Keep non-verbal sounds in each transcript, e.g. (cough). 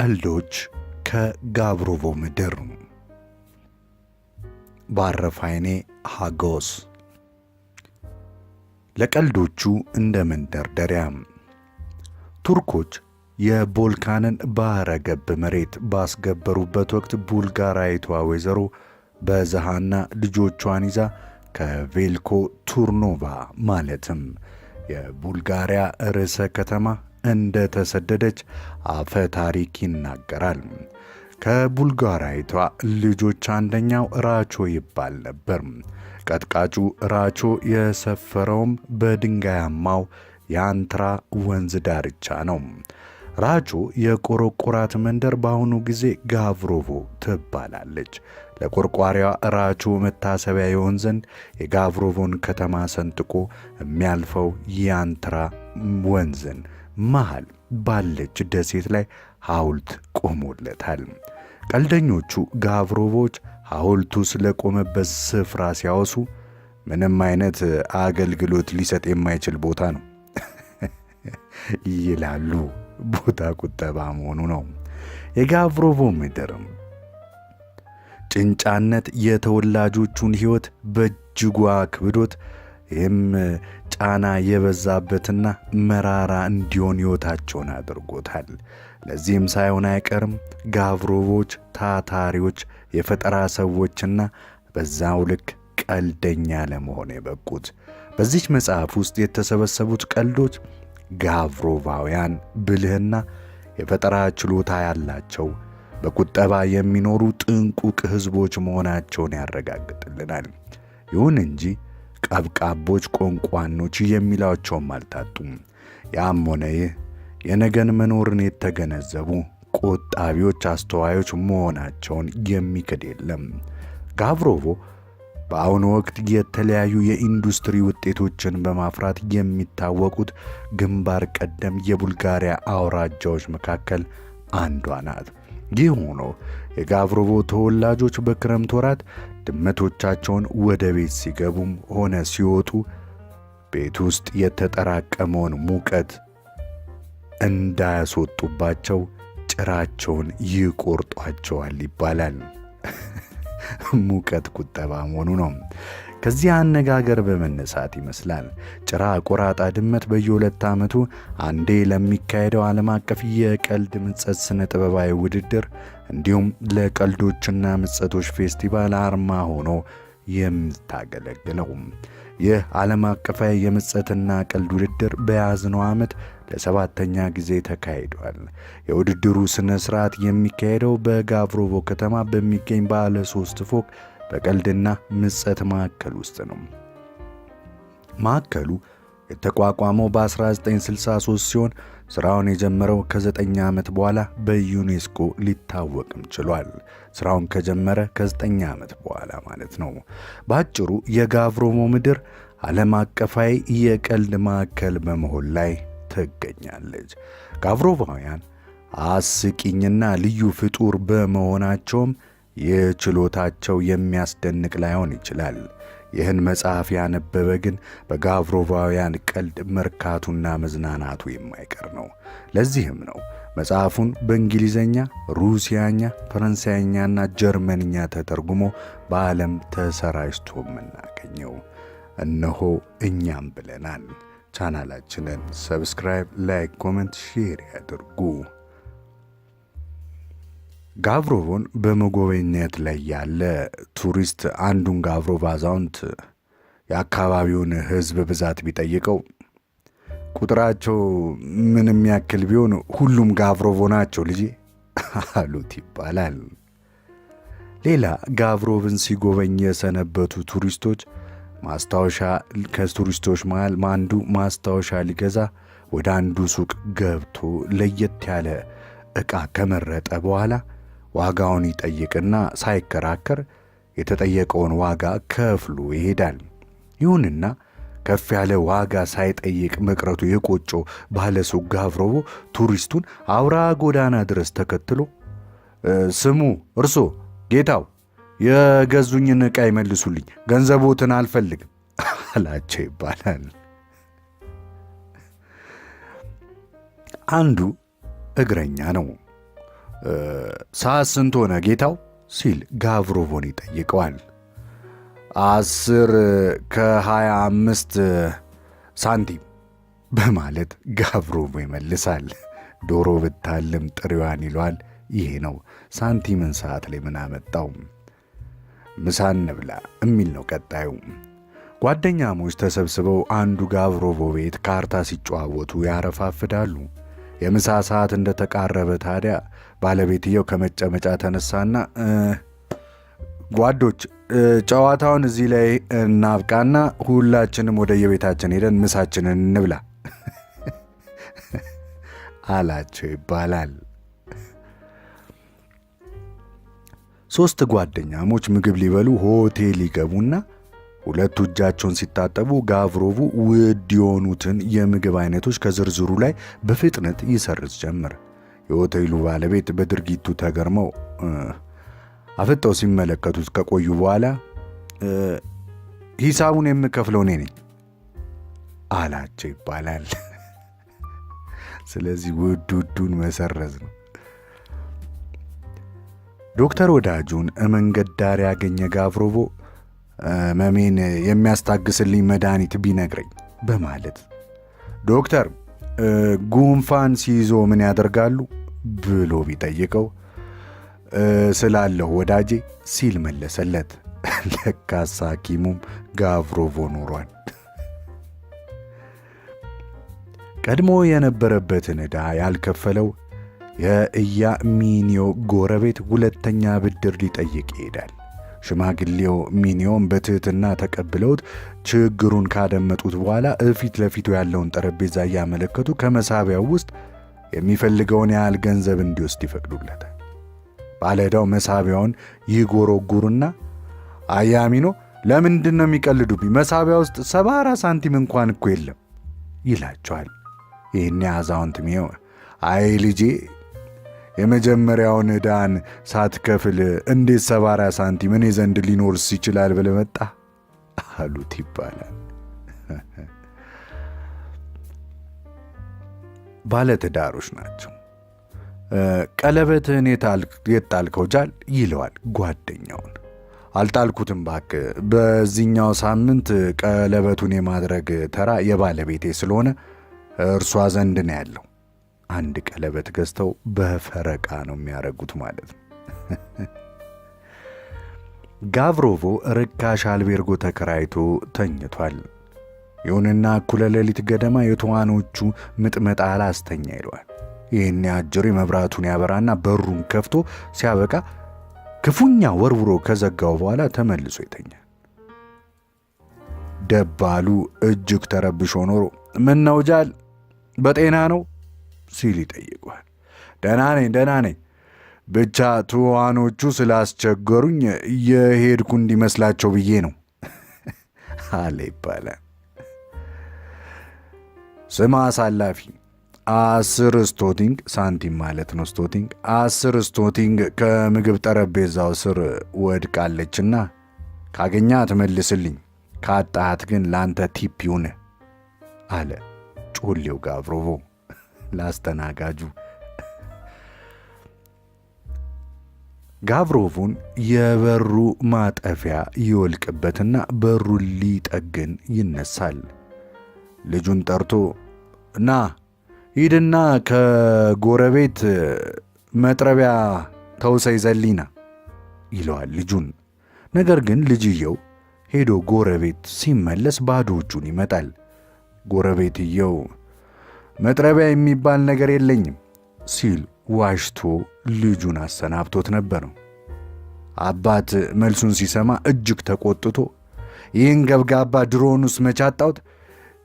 ቀልዶች ከጋብሮቮ ምድር ባረፈ ዓይኔ ሃጎስ ለቀልዶቹ እንደ መንደርደሪያ ቱርኮች የቦልካንን ባረገብ ገብ መሬት ባስገበሩበት ወቅት ቡልጋራዊቷ ወይዘሮ በዛሃና ልጆቿን ይዛ ከቬልኮ ቱርኖቫ ማለትም የቡልጋሪያ ርዕሰ ከተማ እንደተሰደደች አፈ ታሪክ ይናገራል። ከቡልጋራይቷ ልጆች አንደኛው ራቾ ይባል ነበር። ቀጥቃጩ ራቾ የሰፈረውም በድንጋያማው የአንትራ ወንዝ ዳርቻ ነው። ራቾ የቆረቆራት መንደር በአሁኑ ጊዜ ጋቭሮቮ ትባላለች። ለቆርቋሪዋ ራቾ መታሰቢያ የሆን ዘንድ የጋቭሮቮን ከተማ ሰንጥቆ የሚያልፈው የአንትራ ወንዝን መሃል ባለች ደሴት ላይ ሐውልት ቆሞለታል። ቀልደኞቹ ጋቭሮቮች ሐውልቱ ስለቆመበት ስፍራ ሲያወሱ ምንም አይነት አገልግሎት ሊሰጥ የማይችል ቦታ ነው ይላሉ። ቦታ ቁጠባ መሆኑ ነው። የጋቭሮቮ ምድር ጭንጫነት የተወላጆቹን ሕይወት በእጅጉ አክብዶት ይህም ጫና የበዛበትና መራራ እንዲሆን ሕይወታቸውን አድርጎታል። ለዚህም ሳይሆን አይቀርም ጋብሮቦች ታታሪዎች፣ የፈጠራ ሰዎችና በዛው ልክ ቀልደኛ ለመሆን የበቁት። በዚች መጽሐፍ ውስጥ የተሰበሰቡት ቀልዶች ጋብሮቫውያን ብልህና የፈጠራ ችሎታ ያላቸው በቁጠባ የሚኖሩ ጥንቁቅ ሕዝቦች መሆናቸውን ያረጋግጥልናል። ይሁን እንጂ ቀብቃቦች፣ ቆንቋኖች የሚሏቸውም አልታጡም። ያም ሆነ ይህ የነገን መኖርን የተገነዘቡ ቆጣቢዎች፣ አስተዋዮች መሆናቸውን የሚክድ የለም። ጋብሮቮ በአሁኑ ወቅት የተለያዩ የኢንዱስትሪ ውጤቶችን በማፍራት የሚታወቁት ግንባር ቀደም የቡልጋሪያ አውራጃዎች መካከል አንዷ ናት። ይህ ሆኖ የጋብሮቮ ተወላጆች በክረምት ወራት ድመቶቻቸውን ወደ ቤት ሲገቡም ሆነ ሲወጡ ቤት ውስጥ የተጠራቀመውን ሙቀት እንዳያስወጡባቸው ጭራቸውን ይቆርጧቸዋል ይባላል። (laughs) ሙቀት ቁጠባ መሆኑ ነው። ከዚህ አነጋገር በመነሳት ይመስላል ጭራ ቆራጣ ድመት በየሁለት ዓመቱ አንዴ ለሚካሄደው ዓለም አቀፍ የቀልድ ምጸት ስነ ጥበባዊ ውድድር እንዲሁም ለቀልዶችና ምጸቶች ፌስቲቫል አርማ ሆኖ የምታገለግለው። ይህ ዓለም አቀፋዊ የምጸትና ቀልድ ውድድር በያዝነው ዓመት ለሰባተኛ ጊዜ ተካሂዷል። የውድድሩ ሥነ ሥርዓት የሚካሄደው በጋቭሮቮ ከተማ በሚገኝ ባለ ሦስት ፎቅ በቀልድና ምጸት ማዕከል ውስጥ ነው። ማዕከሉ የተቋቋመው በ1963 ሲሆን ስራውን የጀመረው ከ9 ዓመት በኋላ በዩኔስኮ ሊታወቅም ችሏል። ስራውን ከጀመረ ከ9 ዓመት በኋላ ማለት ነው። በአጭሩ የጋቭሮሞ ምድር ዓለም አቀፋዊ የቀልድ ማዕከል በመሆን ላይ ትገኛለች። ጋቭሮቫውያን አስቂኝና ልዩ ፍጡር በመሆናቸውም ይህ ችሎታቸው የሚያስደንቅ ላይሆን ይችላል። ይህን መጽሐፍ ያነበበ ግን በጋቭሮቫውያን ቀልድ መርካቱና መዝናናቱ የማይቀር ነው። ለዚህም ነው መጽሐፉን በእንግሊዘኛ፣ ሩሲያኛ፣ ፈረንሳይኛና ጀርመንኛ ተተርጉሞ በዓለም ተሰራጭቶ የምናገኘው። እነሆ እኛም ብለናል። ቻናላችንን ሰብስክራይብ፣ ላይክ፣ ኮመንት፣ ሼር ያድርጉ። ጋቭሮቮን በመጎበኘት ላይ ያለ ቱሪስት አንዱን ጋቭሮቭ አዛውንት የአካባቢውን ሕዝብ ብዛት ቢጠይቀው ቁጥራቸው ምንም ያክል ቢሆን ሁሉም ጋቭሮቮ ናቸው ልጄ (laughs) አሉት ይባላል። ሌላ ጋቭሮቭን ሲጎበኝ የሰነበቱ ቱሪስቶች ማስታወሻ ከቱሪስቶች መሃል አንዱ ማስታወሻ ሊገዛ ወደ አንዱ ሱቅ ገብቶ ለየት ያለ ዕቃ ከመረጠ በኋላ ዋጋውን ይጠይቅና ሳይከራከር የተጠየቀውን ዋጋ ከፍሎ ይሄዳል። ይሁንና ከፍ ያለ ዋጋ ሳይጠይቅ መቅረቱ የቆጮ ባለሱቅ ጋፍሮቦ ቱሪስቱን አውራ ጎዳና ድረስ ተከትሎ ስሙ፣ እርሶ ጌታው፣ የገዙኝን ዕቃ ይመልሱልኝ፣ ገንዘቦትን አልፈልግም (laughs) አላቸው ይባላል። አንዱ እግረኛ ነው። ሰዓት ስንት ሆነ ጌታው ሲል ጋቭሮቮን ይጠይቀዋል። አስር ከሃያ አምስት ሳንቲም በማለት ጋቭሮቮ ይመልሳል። ዶሮ ብታልም ጥሪዋን ይሏል። ይሄ ነው ሳንቲምን ሰዓት ላይ ምን አመጣው። ምሳን ንብላ የሚል ነው ቀጣዩ። ጓደኛሞች ተሰብስበው አንዱ ጋቭሮቮ ቤት ካርታ ሲጨዋወቱ ያረፋፍዳሉ። የምሳ ሰዓት እንደተቃረበ ታዲያ ባለቤትየው ከመጨመጫ ተነሳና ጓዶች ጨዋታውን እዚህ ላይ እናብቃና ሁላችንም ወደ የቤታችን ሄደን ምሳችንን እንብላ (laughs) አላቸው ይባላል። ሶስት ጓደኛሞች ምግብ ሊበሉ ሆቴል ይገቡና ሁለቱ እጃቸውን ሲታጠቡ ጋቭሮቭ ውድ የሆኑትን የምግብ አይነቶች ከዝርዝሩ ላይ በፍጥነት ይሰርዝ ጀምር። የሆቴሉ ባለቤት በድርጊቱ ተገርመው አፍጠው ሲመለከቱት ከቆዩ በኋላ ሂሳቡን የምከፍለው እኔ ነኝ አላቸው ይባላል። (laughs) ስለዚህ ውድ ውዱን መሰረዝ ነው። ዶክተር ወዳጁን መንገድ ዳር ያገኘ ጋብሮቮ መሜን የሚያስታግስልኝ መድኃኒት ቢነግረኝ በማለት ዶክተር ጉንፋን ሲይዞ ምን ያደርጋሉ? ብሎ ቢጠይቀው ስላለሁ ወዳጄ ሲል መለሰለት። (laughs) ለካስ ሐኪሙም ጋቭሮቮ ኖሯል። ቀድሞ የነበረበትን ዕዳ ያልከፈለው የኢያሚኒዮ ጎረቤት ሁለተኛ ብድር ሊጠይቅ ይሄዳል። ሽማግሌው ሚኒዮም በትህትና ተቀብለውት ችግሩን ካደመጡት በኋላ እፊት ለፊቱ ያለውን ጠረጴዛ እያመለከቱ ከመሳቢያው ውስጥ የሚፈልገውን ያህል ገንዘብ እንዲወስድ ይፈቅዱለታል። ባለዕዳው መሳቢያውን ይጎረጉሩና አያሚኖ ለምንድን ነው የሚቀልዱብኝ? መሳቢያ ውስጥ ሰባ ሳንቲም እንኳን እኮ የለም ይላቸዋል። ይህን አዛውንት ሚሆ አይ ልጄ የመጀመሪያውን ዕዳን ሳትከፍል እንዴት ሰባ አራት ሳንቲም እኔ ዘንድ ሊኖርስ ይችላል ብለህ መጣ አሉት ይባላል። (laughs) ባለትዳሮች ናቸው። ቀለበትህን የጣልከው ጃል ይለዋል ጓደኛውን። አልጣልኩትም ባክ፣ በዚህኛው ሳምንት ቀለበቱን የማድረግ ተራ የባለቤቴ ስለሆነ እርሷ ዘንድ ነው ያለው። አንድ ቀለበት ገዝተው በፈረቃ ነው የሚያደርጉት ማለት ነው። ጋቭሮቮ ርካሽ አልቤርጎ ተከራይቶ ተኝቷል። ይሁንና እኩለ ሌሊት ገደማ የተዋኖቹ ምጥመጣ አላስተኛ ይለዋል። ይህን አጀሬ መብራቱን ያበራና በሩን ከፍቶ ሲያበቃ ክፉኛ ወርውሮ ከዘጋው በኋላ ተመልሶ ይተኛል። ደባሉ እጅግ ተረብሾ ኖሮ ምን ጃል በጤና ነው ሲል ይጠይቋል። ደህና ነኝ ደህና ነኝ ብቻ ትዋኖቹ ስላስቸገሩኝ የሄድኩ እንዲመስላቸው ብዬ ነው አለ ይባላል። ስም አሳላፊ አስር ስቶቲንግ ሳንቲም ማለት ነው። ስቶቲንግ አስር ስቶቲንግ ከምግብ ጠረጴዛው ስር ወድቃለችና ካገኛት መልስልኝ፣ ካጣሃት ግን ለአንተ ቲፕ ይሁን አለ ጮሌው ጋብሮቮ ላስተናጋጁ። ጋብሮቮን የበሩ ማጠፊያ ይወልቅበትና በሩን ሊጠግን ይነሳል። ልጁን ጠርቶ ና ሂድና ከጎረቤት መጥረቢያ ተውሰይ ዘሊና ይለዋል ልጁን። ነገር ግን ልጅየው ሄዶ ጎረቤት ሲመለስ ባዶ እጁን ይመጣል። ጎረቤትየው መጥረቢያ የሚባል ነገር የለኝም ሲል ዋሽቶ ልጁን አሰናብቶት ነበር። አባት መልሱን ሲሰማ እጅግ ተቆጥቶ ይህን ገብጋባ ድሮውንስ መቻጣውት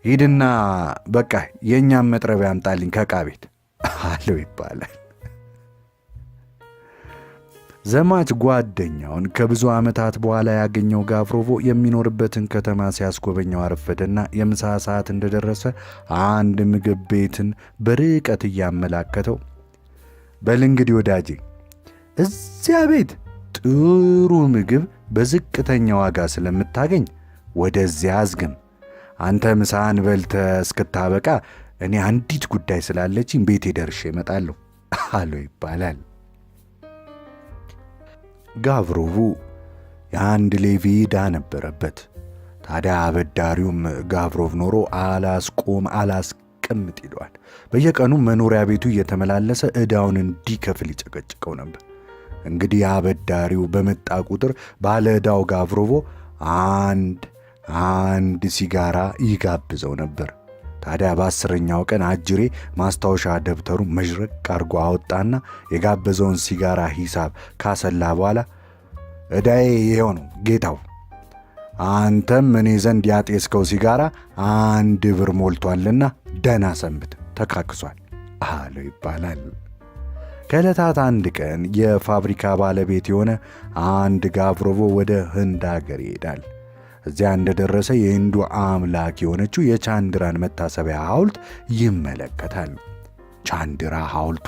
ሂድና በቃ የእኛም መጥረቢያ አምጣልኝ ከዕቃ ቤት አለው ይባላል። ዘማች ጓደኛውን ከብዙ ዓመታት በኋላ ያገኘው ጋፍሮቮ የሚኖርበትን ከተማ ሲያስጎበኘው አረፈደና የምሳ ሰዓት እንደደረሰ አንድ ምግብ ቤትን በርቀት እያመላከተው በል እንግዲህ ወዳጄ፣ እዚያ ቤት ጥሩ ምግብ በዝቅተኛ ዋጋ ስለምታገኝ ወደዚያ አዝግም አንተ ምሳህን በልተህ እስክታበቃ እኔ አንዲት ጉዳይ ስላለችኝ ቤቴ ደርሼ እመጣለሁ አለው ይባላል። ጋብሮቡ የአንድ ሌቪ ዕዳ ነበረበት። ታዲያ አበዳሪውም ጋቭሮቭ ኖሮ አላስቆም አላስቀምጥ ይለዋል። በየቀኑም መኖሪያ ቤቱ እየተመላለሰ ዕዳውን እንዲከፍል ይጨቀጭቀው ነበር። እንግዲህ አበዳሪው በመጣ ቁጥር ባለ ዕዳው ጋቭሮቮ አንድ አንድ ሲጋራ ይጋብዘው ነበር። ታዲያ በአስረኛው ቀን አጅሬ ማስታወሻ ደብተሩ መዥረቅ አድርጎ አወጣና የጋበዘውን ሲጋራ ሂሳብ ካሰላ በኋላ ዕዳዬ ይኸው ነው ጌታው፣ አንተም እኔ ዘንድ ያጤስከው ሲጋራ አንድ ብር ሞልቷልና ደና ሰንብት፣ ተካክሷል አለው ይባላል። ከዕለታት አንድ ቀን የፋብሪካ ባለቤት የሆነ አንድ ጋብሮቮ ወደ ህንድ አገር ይሄዳል። እዚያ እንደደረሰ የህንዱ አምላክ የሆነችው የቻንድራን መታሰቢያ ሐውልት ይመለከታል። ቻንድራ ሐውልቷ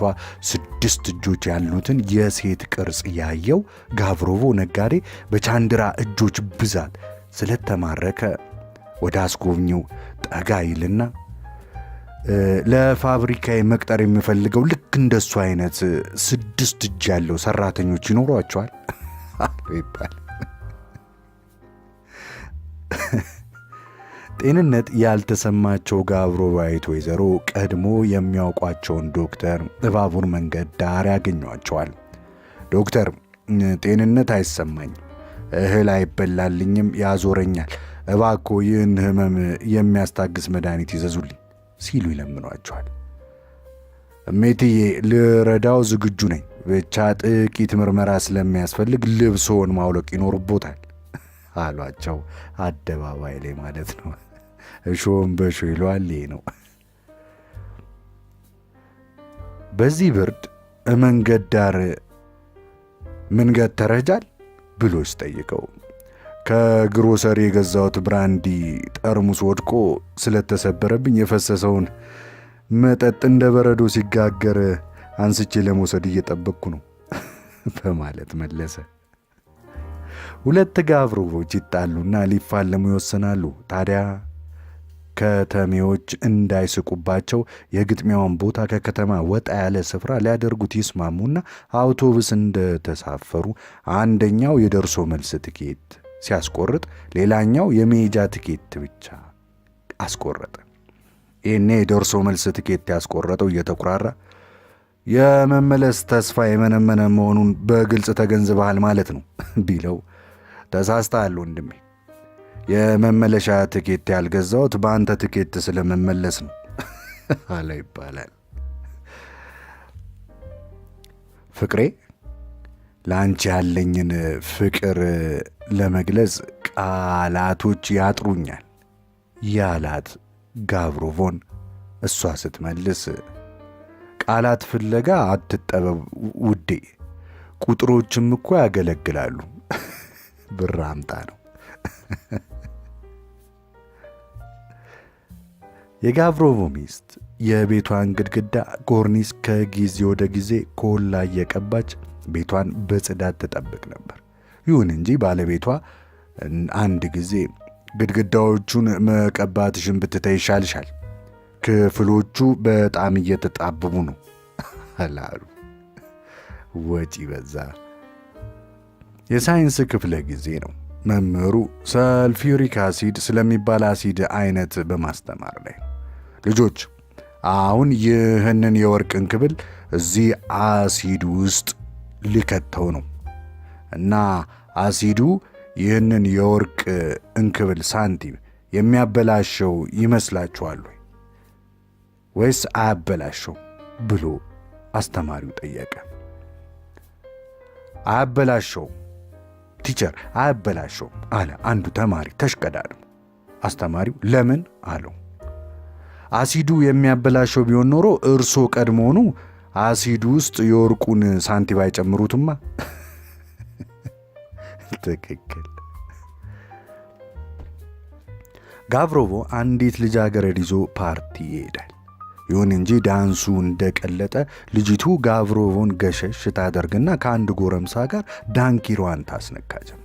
ስድስት እጆች ያሉትን የሴት ቅርጽ ያየው ጋቭሮቮ ነጋዴ በቻንድራ እጆች ብዛት ስለተማረከ ወደ አስጎብኚው ጠጋ ይልና ለፋብሪካ መቅጠር የሚፈልገው ልክ እንደሱ አይነት ስድስት እጅ ያለው ሰራተኞች ይኖሯቸዋል (laughs) አሉ ይባል። (laughs) ጤንነት ያልተሰማቸው ጋብሮ ባይት ወይዘሮ ቀድሞ የሚያውቋቸውን ዶክተር እባቡር መንገድ ዳር ያገኟቸዋል። ዶክተር ጤንነት አይሰማኝ፣ እህል አይበላልኝም፣ ያዞረኛል፣ እባኮ ይህን ህመም የሚያስታግስ መድኃኒት ይዘዙልኝ ሲሉ ይለምኗቸዋል። እሜትዬ ልረዳው ዝግጁ ነኝ፣ ብቻ ጥቂት ምርመራ ስለሚያስፈልግ ልብሶውን ማውለቅ ይኖርቦታል አሏቸው። አደባባይ ላይ ማለት ነው። እሾም በሾ ይሏል ነው። በዚህ ብርድ መንገድ ዳር ምንገድ ተረጃል ብሎች ጠይቀው ከግሮሰሪ የገዛሁት ብራንዲ ጠርሙስ ወድቆ ስለተሰበረብኝ የፈሰሰውን መጠጥ እንደ በረዶ ሲጋገር አንስቼ ለመውሰድ እየጠበቅኩ ነው (laughs) በማለት መለሰ። ሁለት ጋብሮች ይጣሉና ሊፋለሙ ይወሰናሉ ታዲያ ከተሜዎች እንዳይስቁባቸው የግጥሚያውን ቦታ ከከተማ ወጣ ያለ ስፍራ ሊያደርጉት ይስማሙና አውቶቡስ እንደተሳፈሩ አንደኛው የደርሶ መልስ ትኬት ሲያስቆርጥ፣ ሌላኛው የመሄጃ ትኬት ብቻ አስቆረጠ። ይህኔ የደርሶ መልስ ትኬት ያስቆረጠው እየተኩራራ የመመለስ ተስፋ የመነመነ መሆኑን በግልጽ ተገንዝበሃል ማለት ነው ቢለው ተሳስተሃል ወንድሜ። የመመለሻ ትኬት ያልገዛሁት በአንተ ትኬት ስለመመለስ ነው (laughs) አለ ይባላል። ፍቅሬ ለአንቺ ያለኝን ፍቅር ለመግለጽ ቃላቶች ያጥሩኛል ያላት ጋብሮቮን እሷ ስትመልስ ቃላት ፍለጋ አትጠበብ ውዴ፣ ቁጥሮችም እኮ ያገለግላሉ። ብር አምጣ ነው። የጋብሮቮ ሚስት የቤቷን ግድግዳ ኮርኒስ ከጊዜ ወደ ጊዜ ኮላ እየቀባች ቤቷን በጽዳት ትጠብቅ ነበር። ይሁን እንጂ ባለቤቷ አንድ ጊዜ ግድግዳዎቹን ሽን ብትተይ ይሻልሻል፣ ክፍሎቹ በጣም እየተጣበቡ ነው አላሉ። ወጪ በዛ። የሳይንስ ክፍለ ጊዜ ነው። መምህሩ ሰልፊሪክ አሲድ ስለሚባል አሲድ አይነት በማስተማር ላይ ልጆች፣ አሁን ይህንን የወርቅ እንክብል እዚህ አሲድ ውስጥ ልከተው ነው እና አሲዱ ይህንን የወርቅ እንክብል ሳንቲም የሚያበላሸው ይመስላችኋል ወይስ አያበላሸው? ብሎ አስተማሪው ጠየቀ። አያበላሸው ቲቸር አያበላሸውም አለ አንዱ ተማሪ ተሽቀዳድሞ። አስተማሪው ለምን አለው። አሲዱ የሚያበላሸው ቢሆን ኖሮ እርሶ ቀድሞኑ አሲዱ ውስጥ የወርቁን ሳንቲም አይጨምሩትማ። (laughs) ትክክል። ጋቭሮቮ አንዲት ልጃገረድ ይዞ ፓርቲ ይሄዳል። ይሁን እንጂ ዳንሱ እንደቀለጠ ልጅቱ ጋብሮቮን ገሸሽ ታደርግና ከአንድ ጎረምሳ ጋር ዳንኪሯን ታስነካ ጀመር።